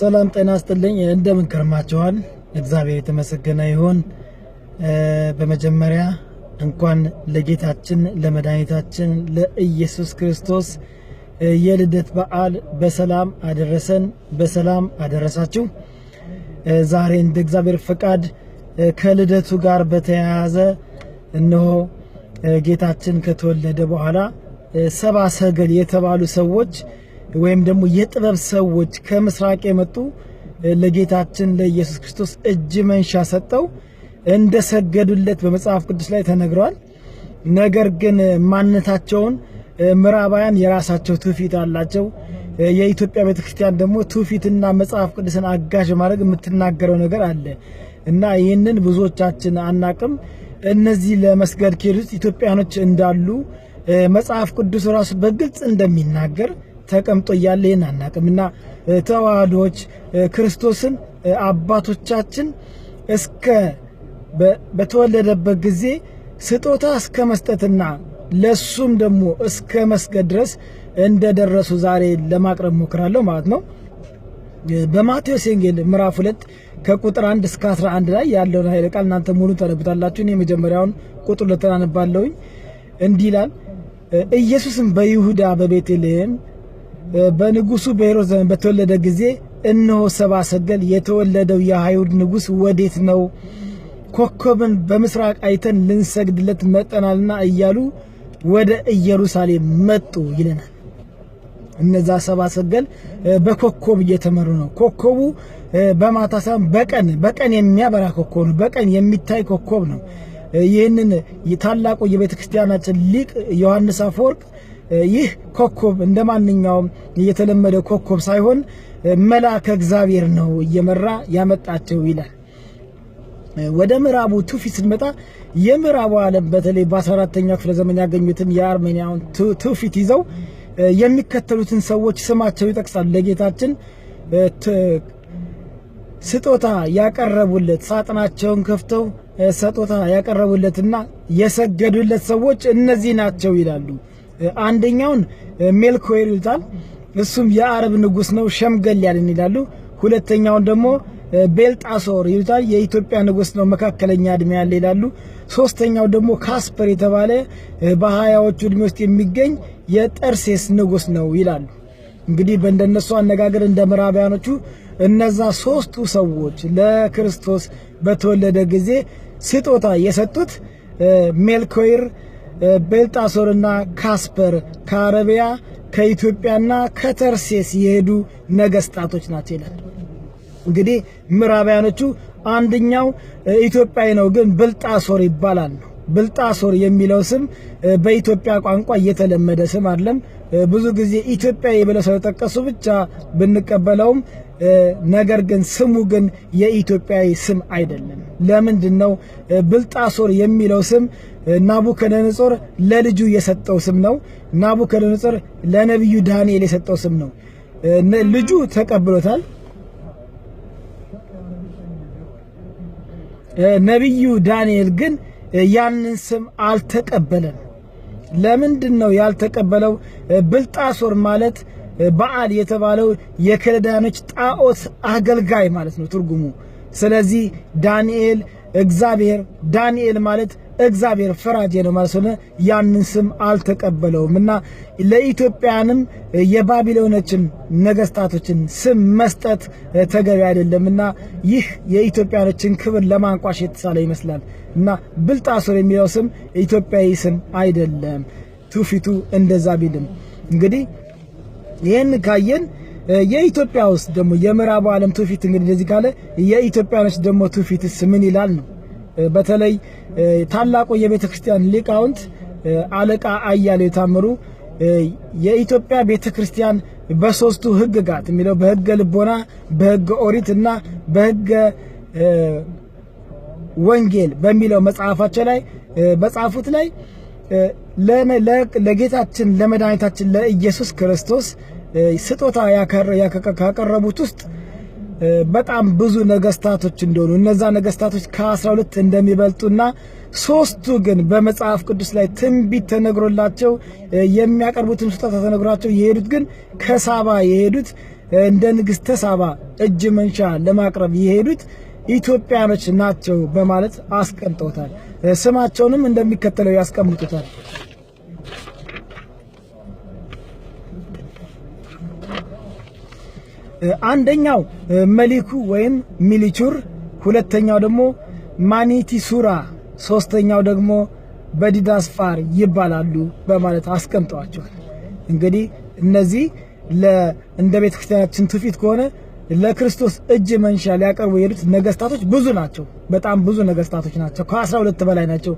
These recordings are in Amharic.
ሰላም ጤና አስጥልኝ። እንደምን ከርማችኋል? እግዚአብሔር የተመሰገነ ይሁን። በመጀመሪያ እንኳን ለጌታችን ለመድኃኒታችን ለኢየሱስ ክርስቶስ የልደት በዓል በሰላም አደረሰን፣ በሰላም አደረሳችሁ። ዛሬ እንደ እግዚአብሔር ፈቃድ ከልደቱ ጋር በተያያዘ እነሆ ጌታችን ከተወለደ በኋላ ሰባ ሰገል የተባሉ ሰዎች ወይም ደግሞ የጥበብ ሰዎች ከምስራቅ የመጡ ለጌታችን ለኢየሱስ ክርስቶስ እጅ መንሻ ሰጠው እንደሰገዱለት በመጽሐፍ ቅዱስ ላይ ተነግሯል። ነገር ግን ማንነታቸውን ምዕራባውያን የራሳቸው ትውፊት አላቸው። የኢትዮጵያ ቤተክርስቲያን ደግሞ ትውፊትና መጽሐፍ ቅዱስን አጋዥ ማድረግ የምትናገረው ነገር አለ እና ይህንን ብዙዎቻችን አናቅም። እነዚህ ለመስገድ ከሄዱት ኢትዮጵያኖች እንዳሉ መጽሐፍ ቅዱስ ራሱ በግልጽ እንደሚናገር ተቀምጦ እያለ ይህን አናቅም እና ተዋህዶች ክርስቶስን አባቶቻችን እስከ በተወለደበት ጊዜ ስጦታ እስከ መስጠትና ለሱም ደግሞ እስከ መስገድ ድረስ እንደደረሱ ዛሬ ለማቅረብ ሞክራለሁ ማለት ነው። በማቴዎስ ወንጌል ምዕራፍ ሁለት ከቁጥር አንድ እስከ አስራ አንድ ላይ ያለውን ኃይለ ቃል እናንተ ሙሉ ተረብታላችሁ። እኔ የመጀመሪያውን ቁጥር ልተናንባለውኝ እንዲህ ይላል። ኢየሱስም በይሁዳ በቤተልሔም በንጉሱ በሄሮድስ ዘመን በተወለደ ጊዜ እነሆ ሰብአ ሰገል የተወለደው የአይሁድ ንጉስ ወዴት ነው? ኮከብን በምስራቅ አይተን ልንሰግድለት መጠናልና እያሉ ወደ ኢየሩሳሌም መጡ ይለናል። እነዛ ሰብአ ሰገል በኮከብ እየተመሩ ነው። ኮከቡ በማታ ሳይሆን በቀን በቀን የሚያበራ ኮከብ ነው። በቀን የሚታይ ኮከብ ነው። ይህንን ታላቁ የቤተ ክርስቲያናችን ሊቅ ዮሐንስ አፈወርቅ ይህ ኮከብ እንደ ማንኛውም የተለመደ ኮከብ ሳይሆን መልአከ እግዚአብሔር ነው እየመራ ያመጣቸው ይላል። ወደ ምዕራቡ ቱፊት ስንመጣ የምዕራቡ ዓለም በተለይ በ14ተኛው ክፍለ ዘመን ያገኙትን የአርሜኒያውን ትውፊት ይዘው የሚከተሉትን ሰዎች ስማቸው ይጠቅሳል። ለጌታችን ስጦታ ያቀረቡለት ሳጥናቸውን ከፍተው ስጦታ ያቀረቡለትና የሰገዱለት ሰዎች እነዚህ ናቸው ይላሉ። አንደኛውን ሜልኮር ይሉታል። እሱም የአረብ ንጉስ ነው፣ ሸምገል ያልን ይላሉ። ሁለተኛውን ደግሞ ቤልጣሶር ይሉታል፣ የኢትዮጵያ ንጉስ ነው፣ መካከለኛ እድሜ ያለ ይላሉ። ሶስተኛው ደግሞ ካስፐር የተባለ በሀያዎቹ እድሜ ውስጥ የሚገኝ የጠርሴስ ንጉስ ነው ይላሉ። እንግዲህ በእንደነሱ አነጋገር እንደ ምዕራባያኖቹ እነዛ ሶስቱ ሰዎች ለክርስቶስ በተወለደ ጊዜ ስጦታ የሰጡት ሜልኮይር ቤልጣሶርና ካስፐር ከአረቢያ ከኢትዮጵያና ከተርሴስ የሄዱ ነገስታቶች ናቸው ይላል። እንግዲህ ምዕራባያኖቹ አንደኛው ኢትዮጵያዊ ነው፣ ግን ብልጣሶር ይባላል ነው። ብልጣሶር የሚለው ስም በኢትዮጵያ ቋንቋ እየተለመደ ስም አይደለም። ብዙ ጊዜ ኢትዮጵያዊ ብለው ስለጠቀሱ ብቻ ብንቀበለውም ነገር ግን ስሙ ግን የኢትዮጵያዊ ስም አይደለም። ለምንድን ነው ብልጣሶር የሚለው ስም ናቡከደነጾር ለልጁ የሰጠው ስም ነው። ናቡከደነጾር ለነቢዩ ዳንኤል የሰጠው ስም ነው። ልጁ ተቀብሎታል። ነቢዩ ዳንኤል ግን ያንን ስም አልተቀበለም። ለምንድን ነው ያልተቀበለው? ብልጣሶር ማለት በዓል የተባለው የከለዳኖች ጣዖት አገልጋይ ማለት ነው ትርጉሙ። ስለዚህ ዳንኤል እግዚአብሔር ዳንኤል ማለት እግዚአብሔር ፈራጅ ነው ማለት ስለሆነ ያንን ስም አልተቀበለውም እና ለኢትዮጵያንም የባቢሎኖችን ነገስታቶችን ስም መስጠት ተገቢ አይደለም እና ይህ የኢትዮጵያኖችን ክብር ለማንቋሽ የተሳለ ይመስላል እና ብልጣሶር የሚለው ስም ኢትዮጵያዊ ስም አይደለም። ትውፊቱ እንደዛ ቢልም እንግዲህ ይህን ካየን የኢትዮጵያ ውስጥ ደግሞ የምዕራቡ ዓለም ትውፊት እንግዲህ እንደዚህ ካለ የኢትዮጵያኖች ደግሞ ትውፊትስ ምን ይላል ነው። በተለይ ታላቁ የቤተ ክርስቲያን ሊቃውንት አለቃ አያሌው ታምሩ የኢትዮጵያ ቤተ ክርስቲያን በሶስቱ ህግጋት የሚለው በህገ ልቦና፣ በህገ ኦሪት እና በህገ ወንጌል በሚለው መጽሐፋቸው ላይ በጻፉት ላይ ለጌታችን ለመድኃኒታችን ለኢየሱስ ክርስቶስ ስጦታ ካቀረቡት ውስጥ በጣም ብዙ ነገስታቶች እንደሆኑ እነዛ ነገስታቶች ከአስራ ሁለት እንደሚበልጡና ሶስቱ ግን በመጽሐፍ ቅዱስ ላይ ትንቢት ተነግሮላቸው የሚያቀርቡትም ስጦታ ተነግሯቸው የሄዱት ግን ከሳባ የሄዱት እንደ ንግስተ ሳባ እጅ መንሻ ለማቅረብ የሄዱት ኢትዮጵያኖች ናቸው በማለት አስቀምጠውታል። ስማቸውንም እንደሚከተለው ያስቀምጡታል። አንደኛው መሊኩ ወይም ሚሊቹር፣ ሁለተኛው ደግሞ ማኒቲሱራ፣ ሶስተኛው ደግሞ በዲዳስፋር ይባላሉ በማለት አስቀምጠዋቸዋል። እንግዲህ እነዚህ እንደ ቤተክርስቲያናችን ትውፊት ከሆነ ለክርስቶስ እጅ መንሻ ሊያቀርቡ የሄዱት ነገስታቶች ብዙ ናቸው። በጣም ብዙ ነገስታቶች ናቸው። ከ12 በላይ ናቸው።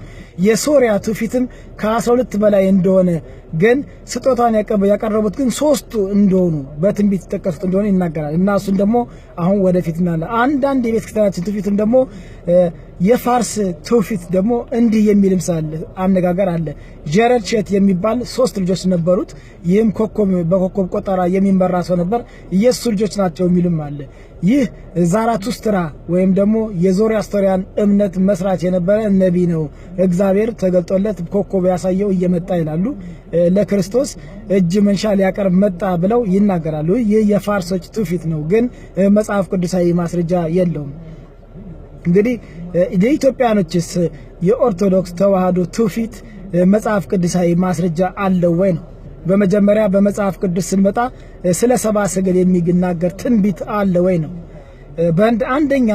የሶሪያ ትውፊትም ከ12 በላይ እንደሆነ ግን ስጦታን ያቀረቡት ግን ሶስቱ እንደሆኑ በትንቢት የተጠቀሱት እንደሆነ ይናገራል እና እሱን ደግሞ አሁን ወደፊት እናለ አንዳንድ የቤተ ክርስቲያናችን ትውፊትም ደግሞ የፋርስ ትውፊት ደግሞ እንዲህ የሚልም ሳለ አነጋገር አለ። ጀረድ ሼት የሚባል ሶስት ልጆች ነበሩት። ይህም ኮከብ በኮከብ ቆጠራ የሚመራ ሰው ነበር። የእሱ ልጆች ናቸው የሚልም አለ። ይህ ዛራቱስትራ ወይም ደግሞ የዞሪያስትሪያን እምነት መስራች የነበረ ነቢ ነው። እግዚአብሔር ተገልጦለት ኮከብ ያሳየው እየመጣ ይላሉ። ለክርስቶስ እጅ መንሻ ሊያቀርብ መጣ ብለው ይናገራሉ። ይህ የፋርሶች ትውፊት ነው፣ ግን መጽሐፍ ቅዱሳዊ ማስረጃ የለውም። እንግዲህ የኢትዮጵያኖችስ የኦርቶዶክስ ተዋህዶ ትውፊት መጽሐፍ ቅዱሳዊ ማስረጃ አለው ወይ ነው በመጀመሪያ በመጽሐፍ ቅዱስ ስንመጣ ስለ ሰብአ ሰገል የሚናገር ትንቢት አለ ወይ ነው። በአንድ አንደኛ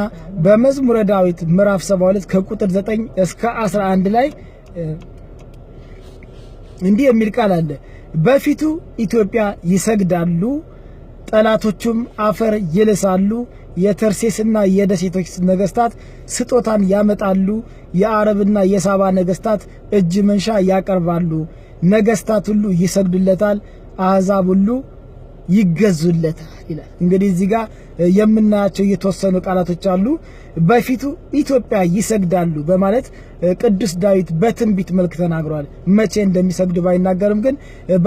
በመዝሙረ ዳዊት ምዕራፍ 72 ከቁጥር 9 እስከ 11 ላይ እንዲህ የሚል ቃል አለ። በፊቱ ኢትዮጵያ ይሰግዳሉ፣ ጠላቶቹም አፈር ይልሳሉ። የተርሴስና የደሴቶች ነገስታት ስጦታን ያመጣሉ፣ የአረብና የሳባ ነገስታት እጅ መንሻ ያቀርባሉ። ነገስታት ሁሉ ይሰግዱለታል፣ አዛብ ሁሉ ይገዙለታል ይላል። እንግዲህ እዚህ ጋር የምናያቸው የተወሰኑ ቃላቶች አሉ። በፊቱ ኢትዮጵያ ይሰግዳሉ በማለት ቅዱስ ዳዊት በትንቢት መልክ ተናግሯል። መቼ እንደሚሰግዱ ባይናገርም ግን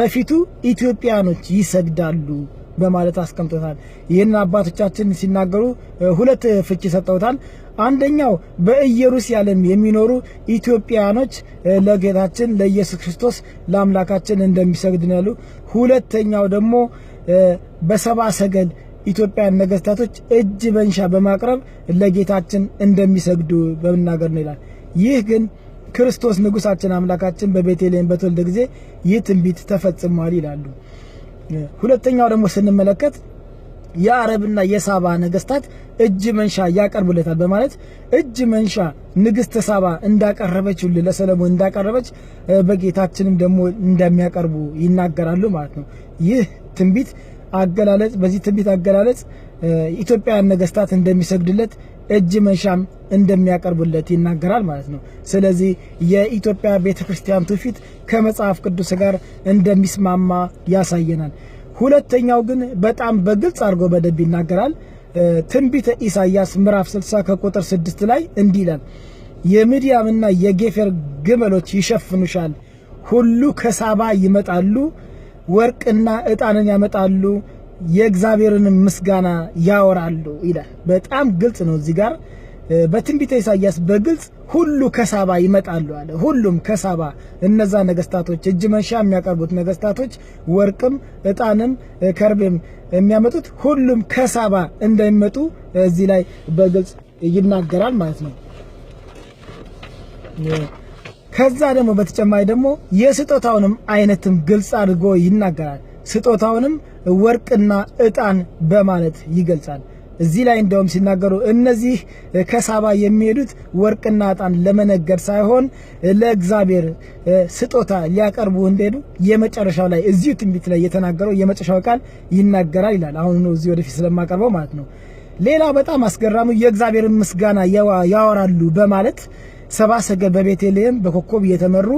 በፊቱ ኢትዮጵያኖች ይሰግዳሉ በማለት አስቀምጦታል። ይህን አባቶቻችን ሲናገሩ ሁለት ፍቺ ሰጠውታል። አንደኛው በኢየሩሳሌም የሚኖሩ ኢትዮጵያኖች ለጌታችን ለኢየሱስ ክርስቶስ ለአምላካችን እንደሚሰግድ ነው ያሉ። ሁለተኛው ደግሞ በሰባ ሰገል ኢትዮጵያን ነገስታቶች እጅ በንሻ በማቅረብ ለጌታችን እንደሚሰግዱ በመናገር ነው ይላል። ይህ ግን ክርስቶስ ንጉሳችን አምላካችን በቤተልሔም በተወለደ ጊዜ ይህ ትንቢት ተፈጽሟል ይላሉ። ሁለተኛው ደግሞ ስንመለከት የአረብና የሳባ ነገስታት እጅ መንሻ ያቀርቡለታል በማለት እጅ መንሻ ንግስት ሳባ እንዳቀረበችው ለሰለሞን እንዳቀረበች በጌታችንም ደግሞ እንደሚያቀርቡ ይናገራሉ ማለት ነው። ይህ ትንቢት አገላለጽ በዚህ ትንቢት አገላለጽ ኢትዮጵያውያን ነገስታት እንደሚሰግድለት እጅ መንሻም እንደሚያቀርቡለት ይናገራል ማለት ነው። ስለዚህ የኢትዮጵያ ቤተ ክርስቲያን ትውፊት ከመጽሐፍ ቅዱስ ጋር እንደሚስማማ ያሳየናል። ሁለተኛው ግን በጣም በግልጽ አድርጎ በደንብ ይናገራል። ትንቢተ ኢሳያስ ምዕራፍ 60 ከቁጥር 6 ላይ እንዲህ ይላል፣ የምድያምና የጌፌር ግመሎች ይሸፍኑሻል፣ ሁሉ ከሳባ ይመጣሉ፣ ወርቅና ዕጣንን ያመጣሉ፣ የእግዚአብሔርን ምስጋና ያወራሉ ይላል። በጣም ግልጽ ነው እዚህ ጋር በትንቢተ ኢሳያስ በግልጽ ሁሉ ከሳባ ይመጣሉ አለ። ሁሉም ከሳባ እነዛ ነገስታቶች እጅ መንሻ የሚያቀርቡት ነገስታቶች ወርቅም፣ እጣንም፣ ከርቤም የሚያመጡት ሁሉም ከሳባ እንደሚመጡ እዚህ ላይ በግልጽ ይናገራል ማለት ነው። ከዛ ደግሞ በተጨማሪ ደግሞ የስጦታውንም አይነትም ግልጽ አድርጎ ይናገራል። ስጦታውንም ወርቅና እጣን በማለት ይገልጻል። እዚህ ላይ እንደውም ሲናገሩ እነዚህ ከሳባ የሚሄዱት ወርቅና እጣን ለመነገድ ሳይሆን ለእግዚአብሔር ስጦታ ሊያቀርቡ እንደሄዱ የመጨረሻው ላይ እዚሁ ትንቢት ላይ የተናገረው የመጨረሻው ቃል ይናገራል ይላል። አሁን ነው እዚህ ወደፊት ስለማቀርበው ማለት ነው። ሌላ በጣም አስገራሚ የእግዚአብሔርን ምስጋና ያወራሉ በማለት ሰባ ሰገል በቤተልሔም በኮከብ እየተመሩ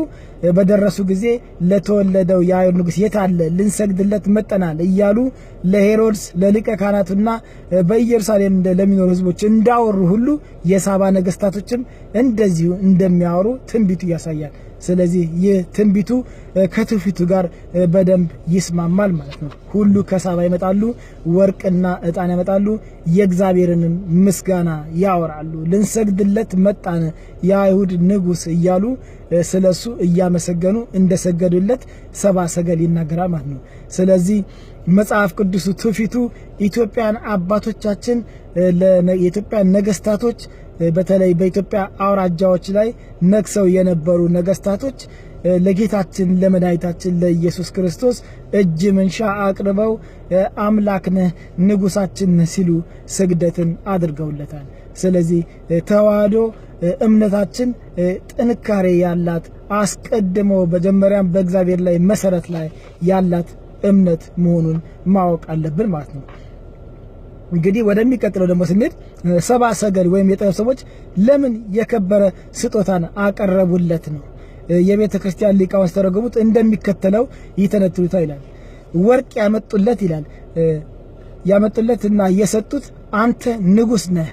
በደረሱ ጊዜ ለተወለደው የአይሁድ ንጉሥ የት አለ? ልንሰግድለት መጠናል እያሉ ለሄሮድስ ለሊቀ ካህናቱና በኢየሩሳሌም ለሚኖሩ ሕዝቦች እንዳወሩ ሁሉ የሳባ ነገስታቶችም እንደዚሁ እንደሚያወሩ ትንቢቱ ያሳያል። ስለዚህ ይህ ትንቢቱ ከትውፊቱ ጋር በደንብ ይስማማል ማለት ነው። ሁሉ ከሳባ ይመጣሉ፣ ወርቅና እጣን ያመጣሉ፣ የእግዚአብሔርንም ምስጋና ያወራሉ። ልንሰግድለት መጣን የአይሁድ ንጉሥ እያሉ ስለ እሱ እያመሰገኑ እንደሰገዱለት ሰባ ሰገል ይናገራል ማለት ነው። ስለዚህ መጽሐፍ ቅዱሱ ትውፊቱ ኢትዮጵያን አባቶቻችን የኢትዮጵያን ነገስታቶች በተለይ በኢትዮጵያ አውራጃዎች ላይ ነግሰው የነበሩ ነገስታቶች ለጌታችን ለመድኃኒታችን ለኢየሱስ ክርስቶስ እጅ መንሻ አቅርበው አምላክ ነህ ንጉሳችን ነህ ሲሉ ስግደትን አድርገውለታል። ስለዚህ ተዋህዶ እምነታችን ጥንካሬ ያላት አስቀድሞ መጀመሪያም በእግዚአብሔር ላይ መሰረት ላይ ያላት እምነት መሆኑን ማወቅ አለብን ማለት ነው። እንግዲህ ወደሚቀጥለው ደግሞ ስንሄድ ሰባ ሰገል ወይም የጥበብ ሰዎች ለምን የከበረ ስጦታን አቀረቡለት ነው። የቤተ ክርስቲያን ሊቃውንት ተረጎሙት እንደሚከተለው ይተነትሉታ ይላል። ወርቅ ያመጡለት ይላል ያመጡለትና የሰጡት አንተ ንጉስ ነህ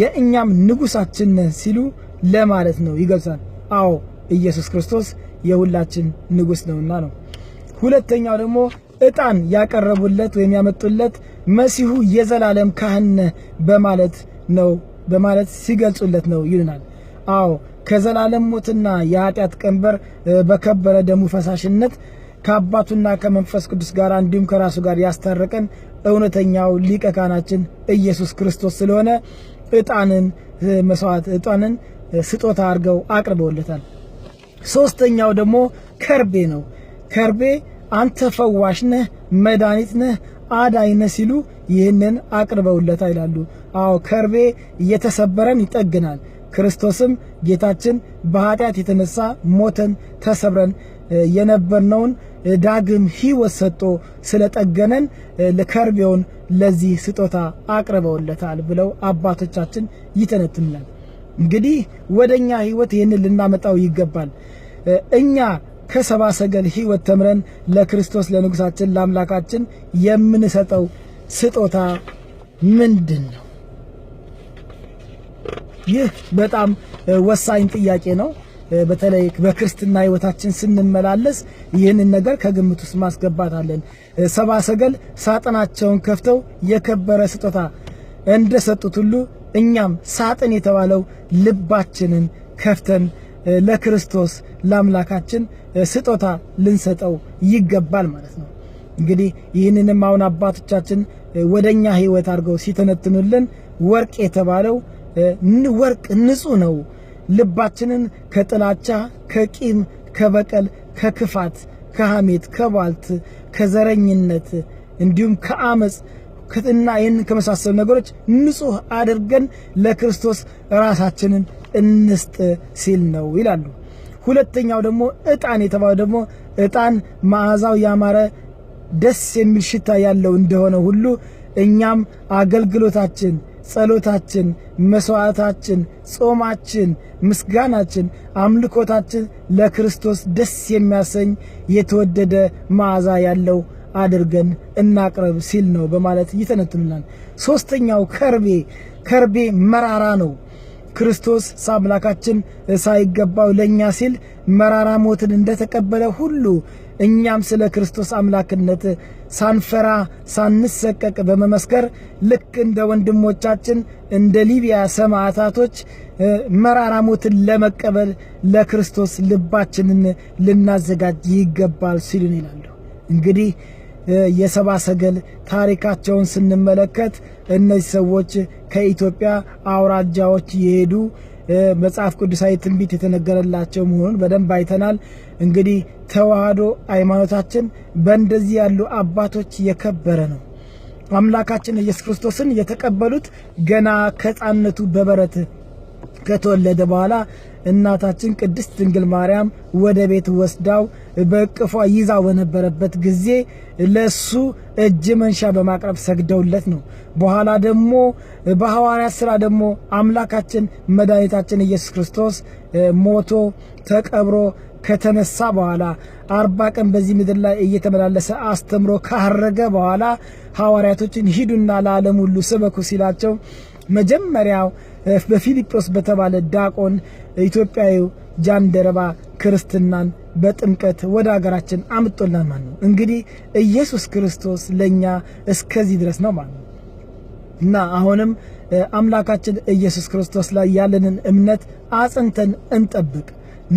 የእኛም ንጉሳችን ነህ ሲሉ ለማለት ነው ይገልጻል። አዎ ኢየሱስ ክርስቶስ የሁላችን ንጉስ ነውና ነው። ሁለተኛው ደግሞ እጣን ያቀረቡለት ወይም ያመጡለት መሲሁ የዘላለም ካህን በማለት ነው በማለት ሲገልጹለት ነው ይልናል። አዎ ከዘላለም ሞትና የኃጢአት ቀንበር በከበረ ደሙ ፈሳሽነት ከአባቱና ከመንፈስ ቅዱስ ጋር እንዲሁም ከራሱ ጋር ያስታረቀን እውነተኛው ሊቀ ካህናችን ኢየሱስ ክርስቶስ ስለሆነ እጣንን መስዋዕት እጣንን ስጦታ አድርገው አቅርበውለታል። ሶስተኛው ደግሞ ከርቤ ነው። ከርቤ አንተ ፈዋሽ ነህ፣ መድኃኒት ነህ፣ አዳይ ነህ ሲሉ ይህንን አቅርበውለታ ይላሉ። አዎ ከርቤ እየተሰበረን ይጠግናል። ክርስቶስም ጌታችን በኃጢአት የተነሳ ሞተን ተሰብረን የነበርነውን ዳግም ሕይወት ሰጥቶ ስለጠገነን ከርቤውን ለዚህ ስጦታ አቅርበውለታል ብለው አባቶቻችን ይተነትናል። እንግዲህ ወደኛ ሕይወት ይህንን ልናመጣው ይገባል። እኛ ከሰባ ሰገል ህይወት ተምረን ለክርስቶስ ለንጉሳችን ለአምላካችን የምንሰጠው ስጦታ ምንድን ነው? ይህ በጣም ወሳኝ ጥያቄ ነው። በተለይ በክርስትና ህይወታችን ስንመላለስ ይህንን ነገር ከግምት ውስጥ ማስገባታለን። ሰባ ሰገል ሳጥናቸውን ከፍተው የከበረ ስጦታ እንደሰጡት ሁሉ እኛም ሳጥን የተባለው ልባችንን ከፍተን ለክርስቶስ ለአምላካችን ስጦታ ልንሰጠው ይገባል ማለት ነው። እንግዲህ ይህንንም አሁን አባቶቻችን ወደኛ ህይወት አድርገው ሲተነትኑልን ወርቅ የተባለው ወርቅ ንጹህ ነው፣ ልባችንን ከጥላቻ፣ ከቂም፣ ከበቀል፣ ከክፋት፣ ከሐሜት፣ ከቧልት፣ ከዘረኝነት እንዲሁም ከአመፅ እና ይህን ከመሳሰሉ ነገሮች ንጹህ አድርገን ለክርስቶስ ራሳችንን እንስጥ ሲል ነው ይላሉ። ሁለተኛው ደግሞ እጣን የተባለው ደግሞ እጣን መዓዛው ያማረ ደስ የሚል ሽታ ያለው እንደሆነ ሁሉ እኛም አገልግሎታችን፣ ጸሎታችን፣ መስዋዕታችን፣ ጾማችን፣ ምስጋናችን፣ አምልኮታችን ለክርስቶስ ደስ የሚያሰኝ የተወደደ መዓዛ ያለው አድርገን እናቅረብ ሲል ነው በማለት ይተነትኑናል። ሶስተኛው ከርቤ ከርቤ መራራ ነው። ክርስቶስ ሳምላካችን ሳይገባው ለእኛ ሲል መራራ ሞትን እንደተቀበለ ሁሉ እኛም ስለ ክርስቶስ አምላክነት ሳንፈራ ሳንሰቀቅ በመመስከር ልክ እንደ ወንድሞቻችን እንደ ሊቢያ ሰማዕታቶች መራራ ሞትን ለመቀበል ለክርስቶስ ልባችንን ልናዘጋጅ ይገባል ሲሉን ይላሉ። እንግዲህ የሰባ ሰገል ታሪካቸውን ስንመለከት እነዚህ ሰዎች ከኢትዮጵያ አውራጃዎች የሄዱ መጽሐፍ ቅዱሳዊ ትንቢት የተነገረላቸው መሆኑን በደንብ አይተናል። እንግዲህ ተዋህዶ ሃይማኖታችን በእንደዚህ ያሉ አባቶች የከበረ ነው። አምላካችን ኢየሱስ ክርስቶስን የተቀበሉት ገና ከሕፃንነቱ በበረት ከተወለደ በኋላ እናታችን ቅድስት ድንግል ማርያም ወደ ቤት ወስዳው በቅፏ ይዛ በነበረበት ጊዜ ለሱ እጅ መንሻ በማቅረብ ሰግደውለት ነው። በኋላ ደግሞ በሐዋርያት ስራ ደግሞ አምላካችን መድኃኒታችን ኢየሱስ ክርስቶስ ሞቶ ተቀብሮ ከተነሳ በኋላ አርባ ቀን በዚህ ምድር ላይ እየተመላለሰ አስተምሮ ካረገ በኋላ ሐዋርያቶችን ሂዱና ለዓለም ሁሉ ስበኩ ሲላቸው መጀመሪያው በፊሊጶስ በተባለ ዲያቆን ኢትዮጵያዊው ጃንደረባ ክርስትናን በጥምቀት ወደ ሀገራችን አምጦልናል ማለት ነው። እንግዲህ ኢየሱስ ክርስቶስ ለእኛ እስከዚህ ድረስ ነው ማለት ነው እና አሁንም አምላካችን ኢየሱስ ክርስቶስ ላይ ያለንን እምነት አጽንተን እንጠብቅ።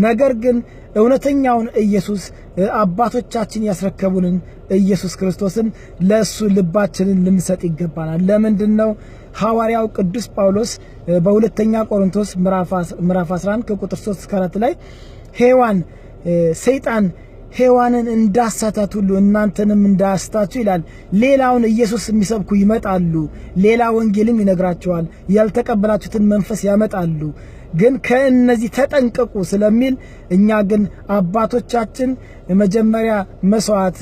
ነገር ግን እውነተኛውን ኢየሱስ አባቶቻችን ያስረከቡንን ኢየሱስ ክርስቶስን ለእሱ ልባችንን ልንሰጥ ይገባናል። ለምንድን ነው? ሐዋርያው ቅዱስ ጳውሎስ በሁለተኛ ቆሮንቶስ ምዕራፍ 11 ከቁጥር 3 እስከ 4 ላይ ሄዋን ሰይጣን ሄዋንን እንዳሳታት ሁሉ እናንተንም እንዳያስታችሁ ይላል። ሌላውን ኢየሱስ የሚሰብኩ ይመጣሉ፣ ሌላ ወንጌልም ይነግራቸዋል፣ ያልተቀበላችሁትን መንፈስ ያመጣሉ፣ ግን ከእነዚህ ተጠንቀቁ ስለሚል እኛ ግን አባቶቻችን መጀመሪያ መስዋዕት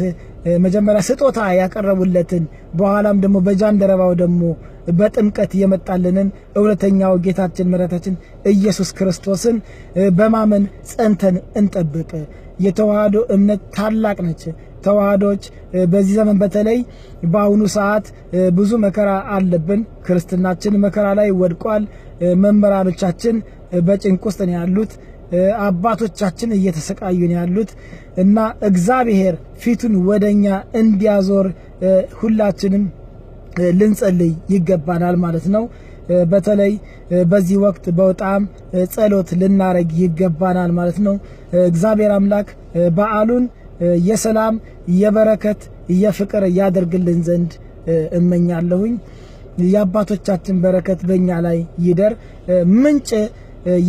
መጀመሪያ ስጦታ ያቀረቡለትን በኋላም ደግሞ በጃንደረባው ደግሞ በጥምቀት የመጣልንን እውነተኛው ጌታችን ምረታችን ኢየሱስ ክርስቶስን በማመን ጸንተን እንጠብቅ። የተዋህዶ እምነት ታላቅ ነች። ተዋህዶች በዚህ ዘመን በተለይ በአሁኑ ሰዓት ብዙ መከራ አለብን። ክርስትናችን መከራ ላይ ወድቋል። መምህራኖቻችን በጭንቅ ውስጥ ነው ያሉት። አባቶቻችን እየተሰቃዩ ነው ያሉት እና እግዚአብሔር ፊቱን ወደኛ እንዲያዞር ሁላችንም ልንጸልይ ይገባናል ማለት ነው። በተለይ በዚህ ወቅት በጣም ጸሎት ልናረግ ይገባናል ማለት ነው። እግዚአብሔር አምላክ በዓሉን የሰላም የበረከት የፍቅር ያደርግልን ዘንድ እመኛለሁኝ። የአባቶቻችን በረከት በእኛ ላይ ይደር ምንጭ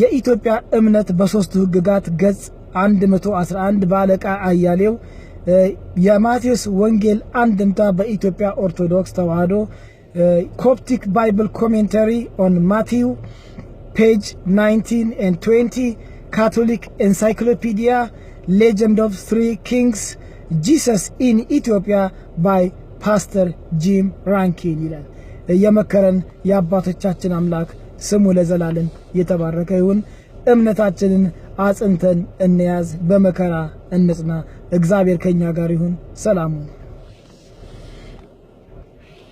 የኢትዮጵያ እምነት በሶስቱ ህግጋት ገጽ 111 በአለቃ አያሌው የማቴዎስ ወንጌል አንድምታ በኢትዮጵያ ኦርቶዶክስ ተዋህዶ ኮፕቲክ ባይብል ኮሜንተሪ ኦን ማቴው ፔጅ 1920 ካቶሊክ ኤንሳይክሎፒዲያ ሌጀንድ ኦፍ ትሪ ኪንግስ ጂሰስ ኢን ኢትዮጵያ ባይ ፓስተር ጂም ራንኪን ይላል። የመከረን የአባቶቻችን አምላክ ስሙ ለዘላለም የተባረከ ይሁን። እምነታችንን አጽንተን እንያዝ፣ በመከራ እንጽና። እግዚአብሔር ከኛ ጋር ይሁን። ሰላም